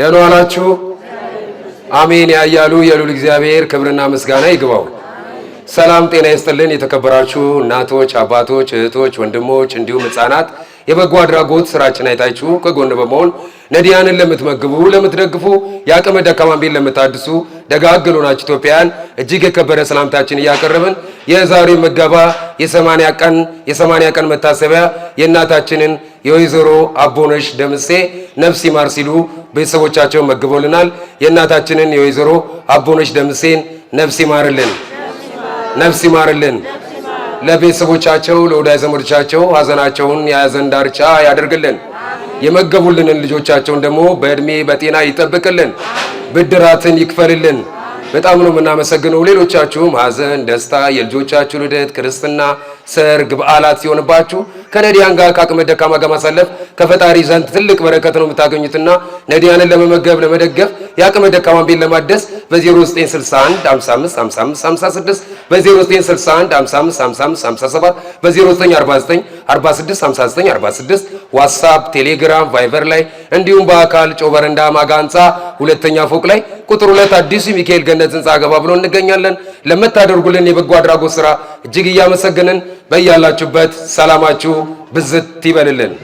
ደህና ዋላችሁ። አሜን ያያሉ የሉል እግዚአብሔር ክብርና ምስጋና ይግባው። ሰላም ጤና ይስጥልን። የተከበራችሁ እናቶች፣ አባቶች፣ እህቶች፣ ወንድሞች እንዲሁም ህጻናት የበጎ አድራጎት ስራችን አይታችሁ ከጎን በመሆን ነዲያንን ለምትመግቡ፣ ለምትደግፉ የአቅመ ደካማን ቤት ለምታድሱ ደጋግ ሆናችሁ ኢትዮጵያውያን እጅግ የከበረ ሰላምታችን እያቀረብን የዛሬ መገባ የሰማንያ ቀን የሰማንያ ቀን መታሰቢያ የእናታችንን የወይዘሮ አቦነሽ ደምሴ ነፍስ ይማር ሲሉ ቤተሰቦቻቸውን መግበውልናል። የእናታችንን የወይዘሮ አቦነች ደምሴን ነፍስ ይማርልን፣ ነፍስ ይማርልን። ለቤተሰቦቻቸው ለወዳጅ ዘመዶቻቸው ሀዘናቸውን የያዘን ዳርቻ ያደርግልን። የመገቡልንን ልጆቻቸውን ደግሞ በእድሜ በጤና ይጠብቅልን፣ ብድራትን ይክፈልልን። በጣም ነው የምናመሰግነው። ሌሎቻችሁም ሀዘን፣ ደስታ፣ የልጆቻችሁ ልደት፣ ክርስትና፣ ሰርግ፣ በዓላት ሲሆንባችሁ ከነዲያን ጋር ከአቅመ ደካማ ጋር ማሳለፍ ከፈጣሪ ዘንድ ትልቅ በረከት ነው የምታገኙትና ነዲያንን ለመመገብ ለመደገፍ፣ የአቅመ ደካማን ቤት ለማደስ በ0961 55 56 በ0961 55 55 57 በ0949 46 59 ዋትሳፕ፣ ቴሌግራም፣ ቫይበር ላይ እንዲሁም በአካል ጮበረንዳ ማጋ ህንፃ ሁለተኛ ፎቅ ላይ ቁጥር ሁለት አዲሱ ሚካኤል ገነት ህንፃ ገባ ብሎ እንገኛለን። ለምታደርጉልን የበጎ አድራጎት ስራ እጅግ እያመሰገንን በያላችሁበት ሰላማችሁ ብዝት ይበልልን።